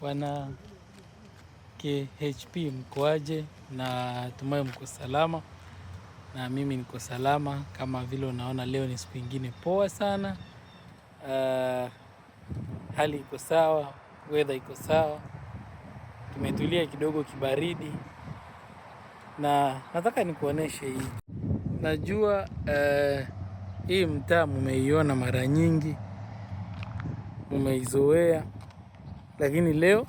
wana KHP mkoaje? Na tumai mko salama, na mimi niko salama. Kama vile unaona, leo ni siku ingine poa sana. Uh, hali iko sawa, weather iko sawa, tumetulia kidogo kibaridi, na nataka nikuoneshe hii. Najua uh, hii mtaa mumeiona mara nyingi, mumeizoea lakini leo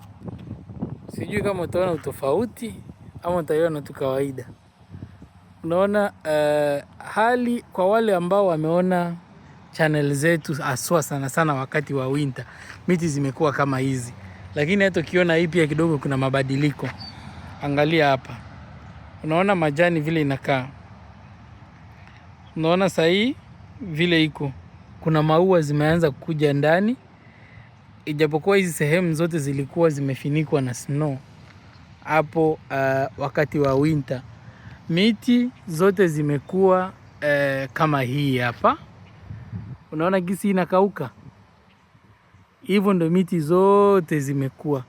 sijui kama utaona utofauti ama utaiona tu kawaida. Unaona uh, hali kwa wale ambao wameona channel zetu aswa sana sana wakati wa winter, miti zimekuwa kama hizi, lakini hata ukiona hii pia kidogo kuna mabadiliko. Angalia hapa, unaona majani vile inakaa, unaona sahii vile iko, kuna maua zimeanza kukuja ndani ijapokuwa hizi sehemu zote zilikuwa zimefinikwa na snow hapo uh, wakati wa winter, miti zote zimekuwa uh, kama hii hapa, unaona gisi inakauka hivyo, ndo miti zote zimekuwa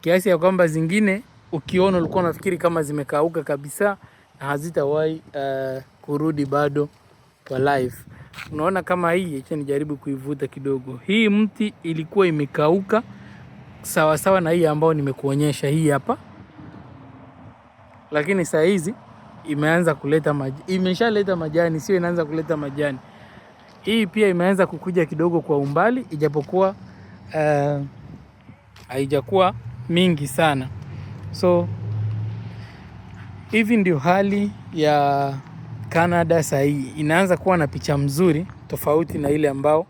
kiasi ya kwamba zingine ukiona ulikuwa unafikiri kama zimekauka kabisa na hazitawahi uh, kurudi bado kwa life. Unaona kama hii, acha nijaribu kuivuta kidogo. Hii mti ilikuwa imekauka sawasawa sawa na hii ambayo nimekuonyesha hii hapa, lakini saa hizi imeanza kuleta maji, imeshaleta majani, sio inaanza kuleta majani. Hii pia imeanza kukuja kidogo kwa umbali, ijapokuwa uh, haijakuwa mingi sana. So hivi ndio hali ya Canada saa hii inaanza kuwa na picha mzuri tofauti na ile ambao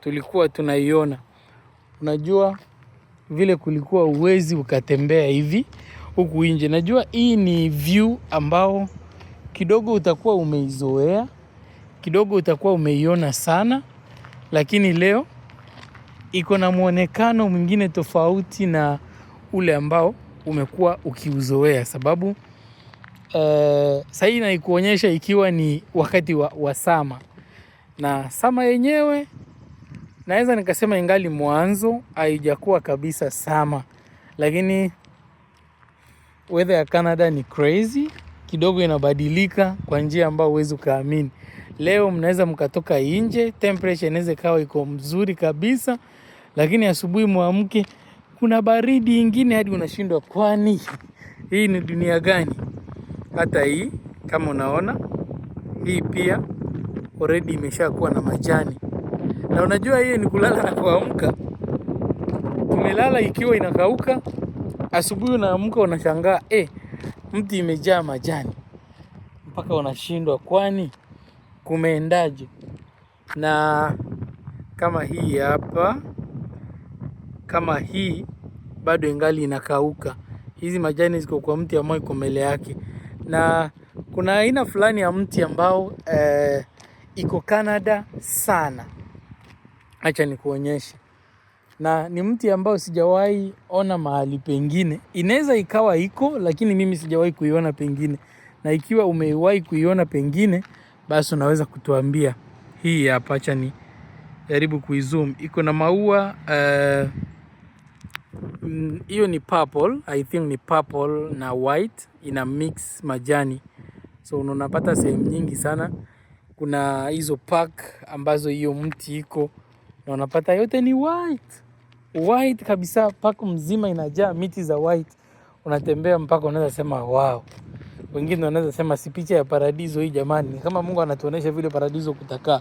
tulikuwa tunaiona. Unajua vile kulikuwa uwezi ukatembea hivi huku nje. Najua hii ni view ambao kidogo utakuwa umeizoea, kidogo utakuwa umeiona sana, lakini leo iko na mwonekano mwingine tofauti na ule ambao umekuwa ukiuzoea sababu uh, sahii naikuonyesha ikiwa ni wakati wa, wa sama na sama yenyewe naweza nikasema ingali mwanzo, haijakuwa kabisa sama, lakini weather ya Canada ni crazy kidogo, inabadilika kwa njia ambayo huwezi ukaamini. Leo mnaweza mkatoka nje, temperature inaweza ikawa iko mzuri kabisa, lakini asubuhi mwamke kuna baridi ingine hadi unashindwa, kwani hii ni dunia gani? hata hii kama unaona hii pia already imeshakuwa na majani, na unajua hiyo ni kulala na kuamka. Tumelala ikiwa inakauka, asubuhi unaamka unashangaa, eh, mti imejaa majani mpaka unashindwa, kwani kumeendaje? Na kama hii hapa, kama hii bado ingali inakauka, hizi majani ziko kwa mti ambao iko mbele yake na kuna aina fulani ya mti ambao eh, iko Canada sana. Acha nikuonyeshe, na ni mti ambao sijawahi ona mahali pengine. Inaweza ikawa iko, lakini mimi sijawahi kuiona pengine, na ikiwa umewahi kuiona pengine, basi unaweza kutuambia. Hii hapa, acha ni jaribu kuizoom, iko na maua eh, Mm, hiyo ni purple, I think ni purple na white ina mix majani, so unapata sehemu nyingi sana kuna hizo park ambazo hiyo mti iko na unapata yote ni white white kabisa, park mzima inajaa miti za white. Unatembea mpaka unaweza sema wow. Wengine wanaweza sema si picha ya paradiso hii jamani? Kama Mungu anatuonesha vile paradiso kutakaa,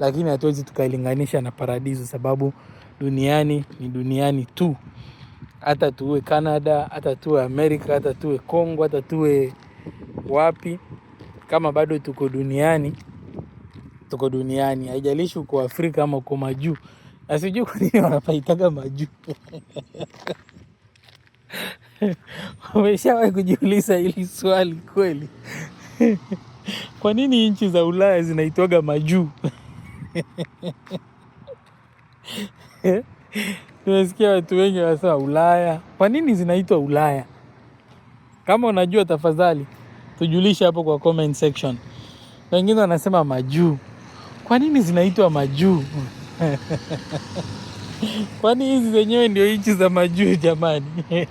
lakini hatuwezi tukailinganisha na paradiso sababu duniani ni duniani tu, hata tuwe Canada, hata tuwe Amerika, hata tuwe Kongo, hata tuwe wapi, kama bado tuko duniani, tuko duniani. Haijalishi uko Afrika ama uko majuu, na sijui kwa nini wanapaitaga majuu Umeshawahi kujiuliza hili swali kweli? Kwa nini nchi za Ulaya zinaitwaga majuu? Nimesikia watu wengi wanasema Ulaya. Kwa nini zinaitwa Ulaya? Kama unajua tafadhali tujulishe hapo kwa comment section. Wengine wanasema majuu. Kwa nini zinaitwa majuu? Kwani hizi zenyewe ndio nchi za majuu jamani?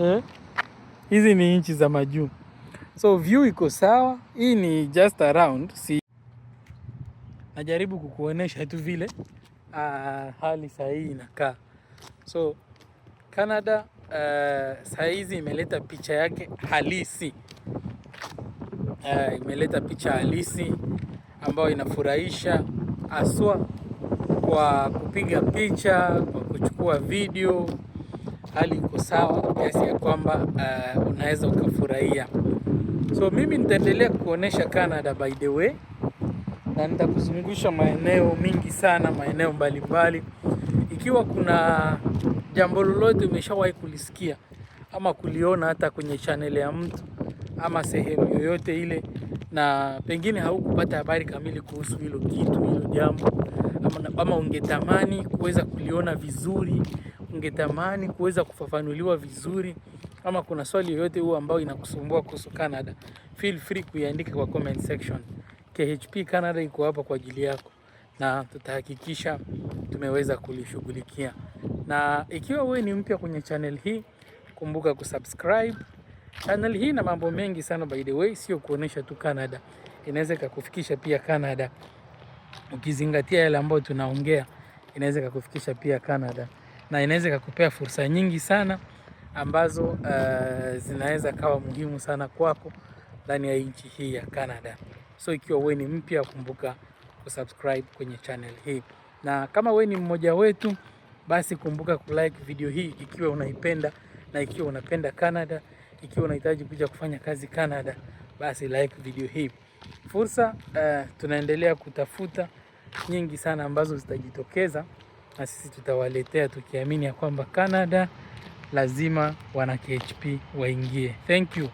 Eh? Hizi ni nchi za majuu. So view iko sawa. Hii ni just around. Si Najaribu kukuonesha tu vile uh, hali sahihi inakaa. So Canada uh, ah, sahizi imeleta picha yake halisi uh, imeleta picha halisi ambayo inafurahisha haswa kwa kupiga picha, kwa kuchukua video, hali iko sawa kiasi ya kwamba uh, unaweza ukafurahia. So mimi nitaendelea kuonesha Canada by the way na nitakuzungusha maeneo mingi sana, maeneo mbalimbali Ikiwa kuna jambo lolote umeshawahi kulisikia ama kuliona hata kwenye channel ya mtu ama sehemu yoyote ile, na pengine haukupata habari kamili kuhusu hilo kitu, hilo jambo ama, ama ungetamani kuweza kuliona vizuri, ungetamani kuweza kufafanuliwa vizuri, ama kuna swali yoyote huo ambao inakusumbua kuhusu Canada, feel free kuiandika kwa comment section. KHP Canada iko hapa kwa ajili yako na tutahakikisha tumeweza kulishughulikia. Na ikiwa wewe ni mpya kwenye channel hii, kumbuka kusubscribe channel hii na mambo mengi sana by the way, sio kuonesha tu Canada, inaweza kukufikisha pia Canada. Ukizingatia yale ambayo tunaongea, inaweza kukufikisha pia Canada na inaweza kukupea fursa nyingi sana ambazo uh, zinaweza kawa muhimu sana kwako ndani ya nchi hii ya Canada. So ikiwa wewe ni mpya, kumbuka kusubscribe kwenye channel hii, na kama wewe ni mmoja wetu, basi kumbuka kulike video hii ikiwa unaipenda, na ikiwa unapenda Canada, ikiwa unahitaji kuja kufanya kazi Canada, basi like video hii. Fursa uh, tunaendelea kutafuta nyingi sana ambazo zitajitokeza na sisi tutawaletea tukiamini ya kwamba Canada lazima wana KHP waingie. Thank you.